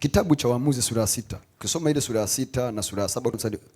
Kitabu cha Waamuzi sura ya sita, ukisoma ile sura ya sita na sura ya saba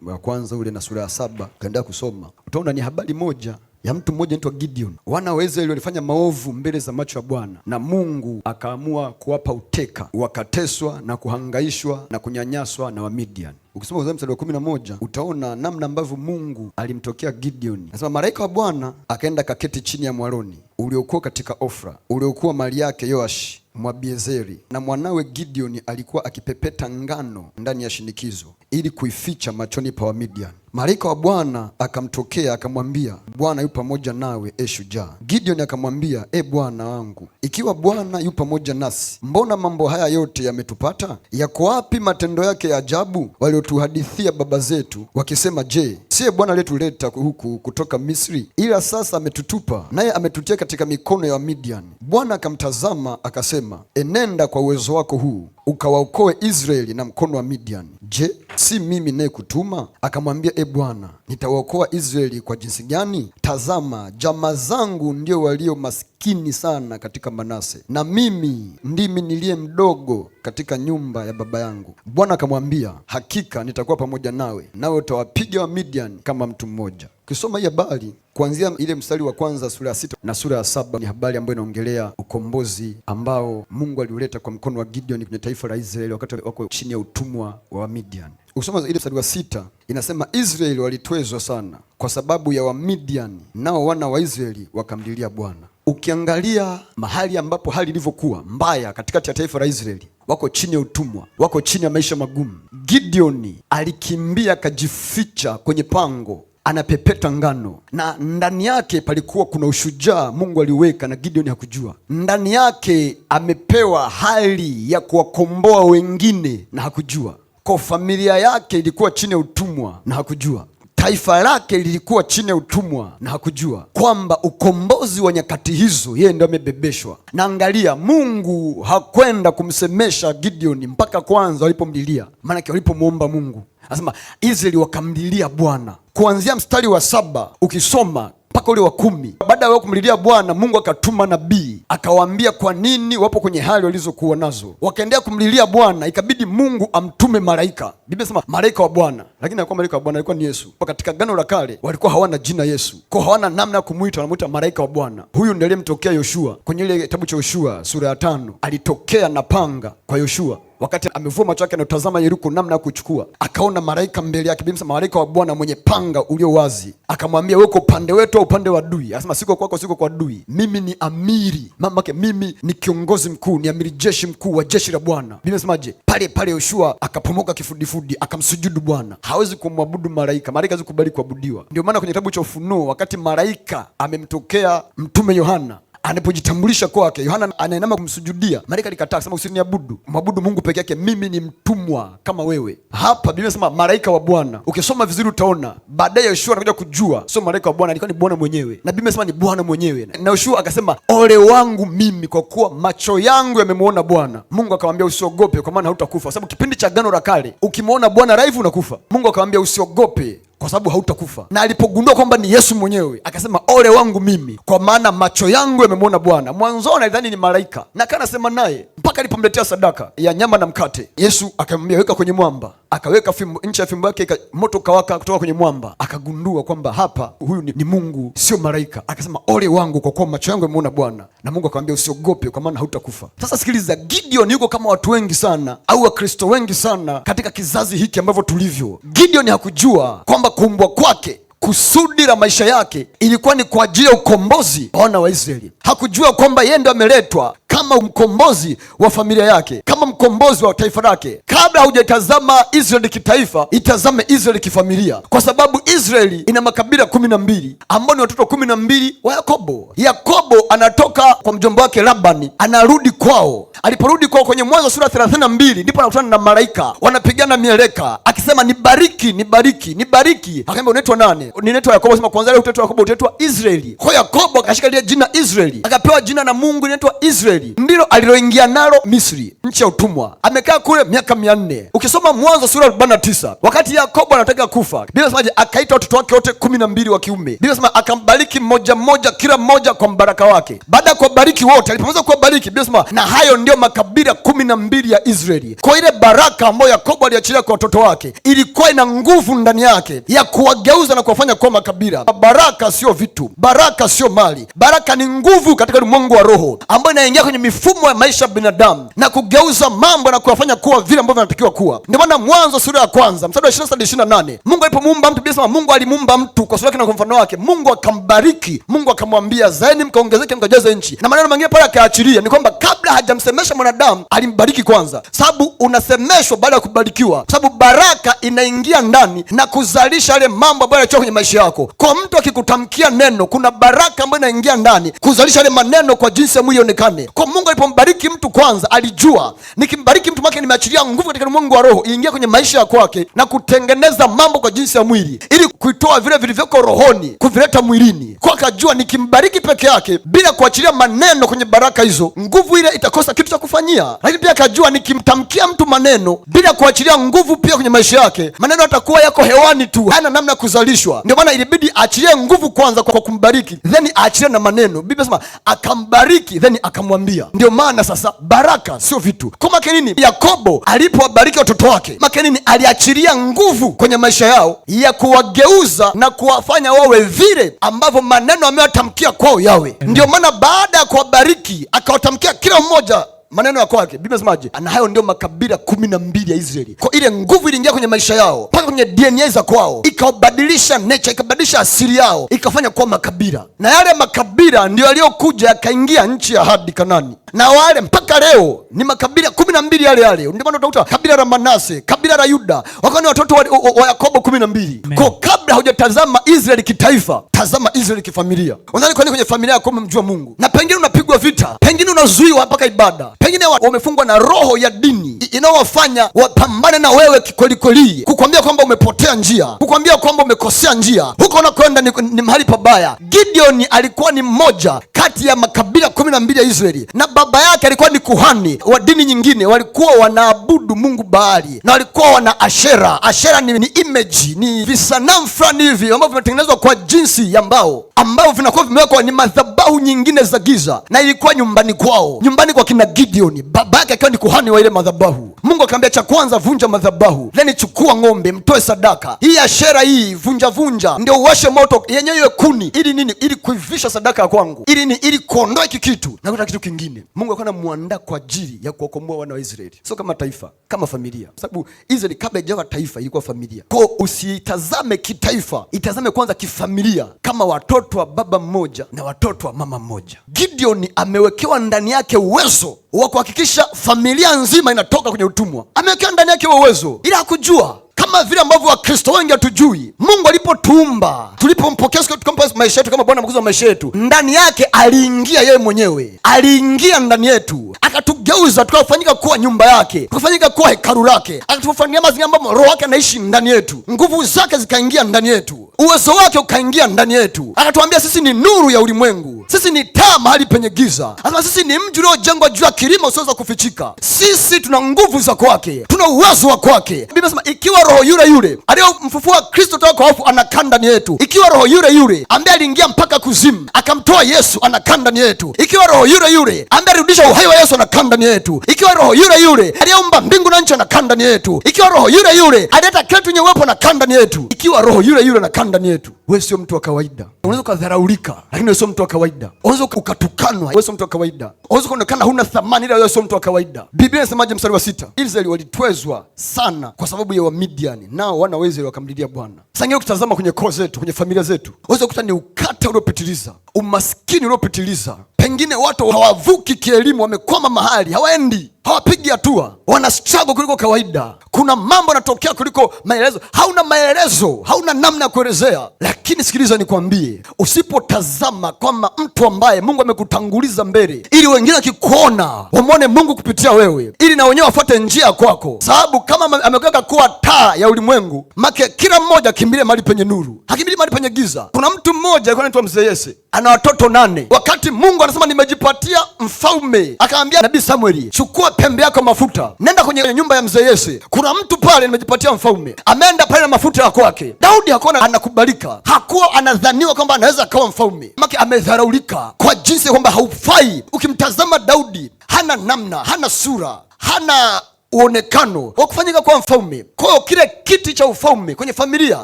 wa kwanza ule na sura ya saba ukaendelea kusoma, utaona ni habari moja ya mtu mmoja anaitwa Gideon. Wana wa Israeli walifanya maovu mbele za macho ya Bwana, na Mungu akaamua kuwapa uteka, wakateswa na kuhangaishwa na kunyanyaswa na Wamidian. Ukisoma kwanzia mstari wa kumi na moja utaona namna ambavyo Mungu alimtokea Gideon. Anasema malaika wa Bwana akaenda kaketi chini ya mwaroni uliokuwa katika Ofra, uliokuwa mali yake Yoashi Mwabiezeri na mwanawe Gideoni alikuwa akipepeta ngano ndani ya shinikizo ili kuificha machoni pa Wamidian. Malaika wa Bwana akamtokea akamwambia, Bwana yu pamoja nawe, e shujaa. Gideoni akamwambia, e Bwana wangu, ikiwa Bwana yu pamoja nasi, mbona mambo haya yote yametupata? Yako wapi matendo yake ya ajabu waliotuhadithia baba zetu wakisema, je, siye Bwana aliyetuleta huku kutoka Misri? Ila sasa ametutupa, naye ametutia katika mikono ya Midian. Bwana akamtazama akasema, enenda kwa uwezo wako huu ukawaokoe Israeli na mkono wa Midian. Je, si mimi naye kutuma? Akamwambia, e Bwana, nitawaokoa Israeli kwa jinsi gani? Tazama, jamaa zangu ndio walio maskini sana katika Manase, na mimi ndimi niliye mdogo katika nyumba ya baba yangu. Bwana akamwambia, hakika nitakuwa pamoja nawe, nawe utawapiga wa Midian kama mtu mmoja. Ukisoma hii habari kuanzia ile mstari wa kwanza sura ya sita na sura ya saba ni habari ambayo inaongelea ukombozi ambao Mungu aliuleta kwa mkono wa Gideon kwenye taifa la Israeli wakati wako chini ya utumwa wa Midian. Ukisoma ile mstari wa sita inasema Israeli walitwezwa sana kwa sababu ya wamidiani nao wana wa Israeli wakamlilia Bwana. Ukiangalia mahali ambapo hali ilivyokuwa mbaya katikati ya taifa la Israeli, wako chini ya utumwa, wako chini ya maisha magumu, Gideoni alikimbia akajificha kwenye pango anapepeta ngano na ndani yake palikuwa kuna ushujaa Mungu aliweka na Gideon hakujua. Ndani yake amepewa hali ya kuwakomboa wengine na hakujua. Kwa familia yake ilikuwa chini ya utumwa na hakujua. Taifa lake lilikuwa chini ya utumwa na hakujua kwamba ukombozi wa nyakati hizo yeye ndio amebebeshwa. Na angalia, Mungu hakwenda kumsemesha Gideoni mpaka kwanza walipomlilia, maanake walipomwomba Mungu anasema Israeli wakamlilia Bwana kuanzia mstari wa saba ukisoma mpaka ule wa kumi. Baada ya wao kumlilia Bwana Mungu akatuma nabii akawaambia kwa nini wapo kwenye hali walizokuwa nazo, wakaendelea kumlilia Bwana, ikabidi Mungu amtume malaika. Biblia inasema malaika wa Bwana, lakini alikuwa malaika wa Bwana alikuwa ni Yesu. Katika gano la kale walikuwa hawana jina Yesu, kwa hawana namna ya kumwita, wanamuita malaika wa Bwana. Huyu ndiye aliyemtokea Yoshua kwenye ile kitabu cha Yoshua sura ya tano, alitokea na panga kwa Yoshua wakati amevua macho yake anatazama Yeriko namna ya kuchukua, akaona malaika mbele yake, bimsa malaika wa Bwana mwenye panga ulio wazi, akamwambia wewe uko upande wetu au upande wa adui? Anasema siko kwako, siko kwa adui, mimi ni amiri yake, mimi ni kiongozi mkuu, ni amiri jeshi mkuu wa jeshi la Bwana. Biblia inasemaje? Pale pale Yoshua akapomoka kifudifudi, akamsujudu Bwana. Hawezi kumwabudu malaika, malaika hawezi kubali kuabudiwa. Ndio maana kwenye kitabu cha Ufunuo wakati malaika amemtokea mtume Yohana anapojitambulisha kwake, Yohana anainama kumsujudia, malaika likataa akasema, usiniabudu, mwabudu Mungu peke yake, mimi ni mtumwa kama wewe. Hapa Biblia inasema malaika wa Bwana. Ukisoma vizuri utaona baadaye Yoshua anakuja kujua sio malaika wa Bwana, alikuwa ni Bwana mwenyewe, na Biblia inasema ni Bwana mwenyewe. Na Yoshua akasema, ole wangu mimi, kwa kuwa macho yangu yamemwona Bwana. Mungu akamwambia, usiogope, kwa maana hautakufa, kwa sababu kipindi cha gano la Kale ukimwona Bwana live unakufa. Mungu akamwambia, usiogope kwa sababu hautakufa. Na alipogundua kwamba ni Yesu mwenyewe akasema, ole wangu mimi, kwa maana macho yangu yamemwona Bwana. Mwanzoni alidhani ni malaika na akanasema naye mpaka alipomletea sadaka ya nyama na mkate. Yesu akamwambia, weka kwenye mwamba akaweka fimbo, ncha ya fimbo yake moto kawaka kutoka kwenye mwamba, akagundua kwamba hapa huyu ni, ni Mungu sio malaika. Akasema ole wangu kwa kuwa macho yangu yameona Bwana. Na Mungu akamwambia usiogope, kwa maana hautakufa. Sasa sikiliza, Gideon yuko kama watu wengi sana au Wakristo wengi sana katika kizazi hiki ambavyo tulivyo. Gideon hakujua kwamba kuumbwa kwake kusudi la maisha yake ilikuwa ni kwa ajili ya ukombozi wa wana wa Israeli. Hakujua kwamba yeye ndo ameletwa kama mkombozi wa familia yake, kama mkombozi wa taifa lake. Kabla hujatazama Israeli kitaifa, itazame Israeli kifamilia, kwa sababu Israeli ina makabila kumi na mbili ambao ni watoto kumi na mbili wa Yakobo. Yakobo anatoka kwa mjomba wake Labani, anarudi kwao Aliporudi kwa kwenye Mwanzo sura 32 ndipo anakutana na malaika wanapigana mieleka, akisema nibariki, nibariki, nibariki. Akaambia unaitwa nani? Ninaitwa Yakobo. Sema kwanza utaitwa Yakobo, utaitwa Israeli. Kwa Yakobo akashika lile jina Israeli, akapewa jina na Mungu, linaitwa Israeli, ndilo aliloingia nalo Misri nchi ya utumwa, amekaa kule miaka mia nne. Ukisoma Mwanzo sura arobaini na tisa wakati Yakobo anataka kufa, Biblia inasemaje? Akaita watoto wake wote kumi na mbili wa kiume. Biblia inasema akambariki mmoja mmoja, kila mmoja kwa mbaraka wake. Baada ya kuwabariki wote, alipomaliza kuwabariki, Biblia inasema na hayo ndiyo makabila kumi na mbili ya Israeli. Kwa ile baraka ambayo Yakobo aliachilia kwa watoto wake ilikuwa ina nguvu ndani yake ya kuwageuza na kuwafanya kuwa makabila. Baraka sio vitu, baraka sio mali, baraka ni nguvu katika ulimwengu wa roho ambayo inaingia kwenye mifumo ya maisha ya binadamu na kugeuza kugeuza mambo na kuyafanya kuwa vile ambavyo anatakiwa kuwa. Ndio maana Mwanzo sura ya kwanza mstari wa ishirini Mungu alipomuumba mtu, Biblia sema Mungu alimuumba mtu kwa sura yake na kwa mfano wake, Mungu akambariki, Mungu akamwambia zaeni mkaongezeke mkajaze nchi, na maneno mengine pale akaachilia ni kwamba kabla hajamsemesha mwanadamu alimbariki kwanza, sababu unasemeshwa baada ya kubarikiwa, kwa sababu baraka inaingia ndani na kuzalisha yale mambo ambayo yanachoka kwenye maisha yako. Kwa mtu akikutamkia neno, kuna baraka ambayo inaingia ndani kuzalisha yale maneno kwa jinsi ya mwili ionekane. Kwa Mungu alipombariki mtu kwanza, alijua nikimbariki mtu mwake nimeachilia nguvu katika ulimwengu wa roho iingia kwenye maisha ya kwake na kutengeneza mambo kwa jinsi ya mwili, ili kuitoa vile vilivyoko rohoni kuvileta mwilini. Kwa akajua nikimbariki peke yake bila kuachilia maneno kwenye baraka hizo, nguvu ile itakosa kitu cha kufanyia. Lakini pia akajua nikimtamkia mtu maneno bila kuachilia nguvu pia kwenye maisha yake, maneno atakuwa yako hewani tu, hayana namna ya kuzalishwa. Ndio maana ilibidi aachilie nguvu kwanza kwa kumbariki, then aachilie na maneno. Biblia sema akambariki, then akamwambia. Ndio maana sasa baraka sio vitu kwa make nini. Yakobo alipowabariki watoto wake make nini, aliachilia nguvu kwenye maisha yao ya kuwageuza na kuwafanya wawe vile ambavyo maneno amewatamkia kwao yawe. Ndio maana baada ya kuwabariki akawatamkia kila mmoja maneno ya kwake. Biblia inasemaje? Na hayo ndio makabila kumi na mbili ya Israeli. Kwa ile nguvu iliingia kwenye maisha yao mpaka kwenye DNA za kwao, ikabadilisha nature, ikabadilisha asili yao, ikafanya kuwa makabila, na yale makabila ndio yaliyokuja yakaingia nchi ya hadi Kanani, na wale mpaka leo ni makabila kumi na mbili yale yale. Ndio maana utakuta kabila la Manase, kabila la Yuda wakawa ni watoto wa, wa, wa Yakobo kumi na mbili. Kwa kabla hujatazama Israeli kitaifa, tazama Israeli kifamilia. Unadhani kwa nini kwenye familia yako umemjua Mungu? Na pengine unapigwa vita, pengine unazuiwa mpaka ibada pengine wamefungwa na roho ya dini inayowafanya wapambane na wewe kikwelikwelii kukwambia kwamba umepotea njia, kukwambia kwamba umekosea njia, huko unakwenda ni, ni mahali pabaya. Gideon alikuwa ni mmoja kati ya makabila kumi na mbili ya Israeli, na baba yake alikuwa ni kuhani wa dini nyingine, walikuwa wanaabudu mungu Baali na walikuwa wana ashera. Ashera ni, ni image, ni visanamu fulani hivi ambavyo vimetengenezwa kwa jinsi ya mbao ambavyo vinakuwa vimewekwa, ni madhabahu nyingine za giza, na ilikuwa nyumbani kwao, nyumbani kwa kina Gideoni, baba yake akiwa ni kuhani wa ile madhabahu. Mungu akamwambia, cha kwanza vunja madhabahu, then chukua ng'ombe mtoe sadaka hii ashera hii, vunja vunja, ndio uwashe moto yenyewe, kuni, ili nini? Ili kuivisha sadaka ya kwangu, ili lakini ili kuondoa hiki kitu na kitu kingine, Mungu alikuwa anamwandaa kwa ajili ya kuwakomboa wana wa Israeli, sio kama taifa, kama familia, kwa sababu Israeli kabla ijawa taifa ilikuwa familia. Kwao usitazame kitaifa, itazame kwanza kifamilia, kama watoto wa baba mmoja na watoto wa mama mmoja. Gideon amewekewa ndani yake uwezo wa kuhakikisha familia nzima inatoka kwenye utumwa, amewekewa ndani yake uwezo, ila hakujua kama vile ambavyo wakristo wengi hatujui, Mungu alipotuumba, tulipompokea tukampa maisha yetu kama Bwana mkuzi wa maisha yetu, ndani yake aliingia yeye mwenyewe, aliingia ndani yetu, akatugeuza tukafanyika kuwa nyumba yake, tukafanyika kuwa hekalu lake, akatufanyia mazingira ambayo roho yake anaishi ndani yetu, nguvu zake zikaingia ndani yetu, uwezo wake ukaingia ndani yetu, akatuambia sisi ni nuru ya ulimwengu. Sisi ni taa mahali penye giza. Anasema sisi ni mji uliojengwa juu ya kilima usioweza kufichika. Sisi tuna nguvu za kwake, tuna uwezo wa kwake. Biblia inasema ikiwa roho yule yule aliyomfufua Kristo toka kwa wafu anakaa ndani yetu, ikiwa roho yule yule ambaye aliingia mpaka kuzimu akamtoa Yesu anakaa ndani yetu, ikiwa roho yule yule ambaye alirudisha uhai wa Yesu anakaa ndani yetu, ikiwa roho yule yule aliyeumba mbingu na nchi anakaa ndani yetu, ikiwa roho yule yule alileta kila tunye uwepo anakaa ndani yetu, ikiwa roho yule yule anakaa ndani yetu. Wewe sio mtu wa kawaida, unaweza ukadharaulika, lakini wewe sio mtu wa kawaida kawaida, Unaweza ukatukanwa, wewe sio mtu wa kawaida, Unaweza kuonekana huna thamani, ila wewe sio mtu wa kawaida. Biblia inasemaje? Mstari wa sita, Israeli walitwezwa sana kwa sababu ya Wamidiani, nao wana wa Israeli wakamlilia Bwana. Sangia ukitazama kwenye koo zetu, kwenye familia zetu, unaweza kukuta ni ukata uliopitiliza, umaskini uliopitiliza, pengine watu hawavuki kielimu, wamekwama mahali hawaendi hawapigi hatua, wana struggle kuliko kawaida. Kuna mambo yanatokea kuliko maelezo, hauna maelezo, hauna namna ya kuelezea. Lakini sikiliza, nikwambie, usipotazama kwamba mtu ambaye Mungu amekutanguliza mbele, ili wengine wakikuona wamwone Mungu kupitia wewe, ili na wenyewe wafuate njia kwako, sababu kama amekuweka kuwa taa ya ulimwengu, make kila mmoja akimbilie mahali penye nuru, hakimbilie mahali penye giza. Kuna mtu mmoja alikuwa anaitwa mzee Yese, ana watoto nane, wakati Mungu anasema nimejipatia mfalme, akaambia nabii Samueli, chukua pembe yako mafuta, nenda kwenye nyumba ya mzee Yese. Kuna mtu pale, nimejipatia mfalme, ameenda pale na mafuta ya kwake. Daudi hakuwa anakubalika, hakuwa anadhaniwa kwamba anaweza akawa mfalme, make amedharaulika kwa jinsi kwamba haufai. Ukimtazama Daudi, hana namna, hana sura, hana uonekano wa kufanyika kuwa mfalme. Kwa hiyo kile kiti cha ufalme kwenye familia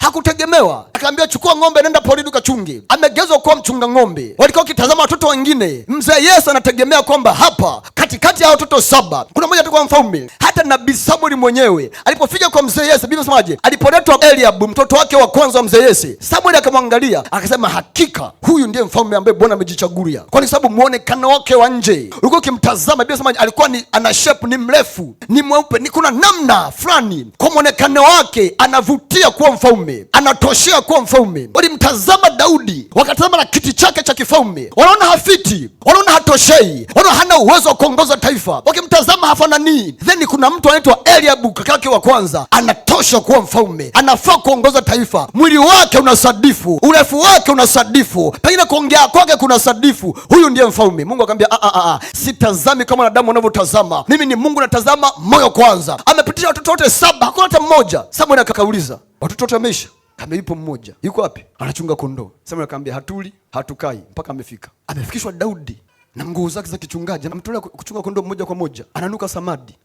hakutegemewa. Akaambia, chukua ng'ombe, nenda porini ukachunge. Amegezwa kuwa mchunga ng'ombe. Walikuwa wakitazama watoto wengine. Mzee Yesu anategemea kwamba hapa katikati ya watoto saba kuna mmoja atakuwa mfalme. Hata nabii Samweli mwenyewe alipofika kwa mzee Yesu, Biblia inasemaje? Alipoletwa Eliab mtoto wake wa kwanza wa mzee Yesu, Samweli akamwangalia akasema, hakika huyu ndiye mfalme ambaye Bwana amejichagulia, kwa sababu muonekano wake wa nje ulikuwa ukimtazama. Biblia inasemaje? Alikuwa ni ana shape, ni mrefu ni mweupe ni kuna namna fulani, kwa mwonekano wake anavutia kuwa mfalme, anatoshea kuwa mfalme. Walimtazama Daudi, wakatazama na kiti chake cha kifalme, wanaona hafiti, wanaona hatoshei, wanaona hana uwezo wa kuongoza taifa, wakimtazama hafanani. Then kuna mtu anaitwa Eliabu kaka yake wa kwanza, anatosha kuwa mfalme, anafaa kuongoza taifa. Mwili wake una sadifu urefu wake una sadifu pengine kuongea kwake kuna sadifu, huyu ndiye mfalme. Mungu akamwambia, ah, ah, ah, sitazami kama wanadamu wanavyotazama, mimi ni Mungu natazama moyo kwanza. Amepitisha watoto wote saba, hakuna hata mmoja. samuel akakauliza watoto wote wameisha? Kama yupo mmoja, yuko wapi? Anachunga kondoo. samuel akaambia hatuli hatukai mpaka amefika. Amefikishwa Daudi na nguo zake za kichungaji, anamtolea kuchunga kondoo moja kwa moja, ananuka samadi,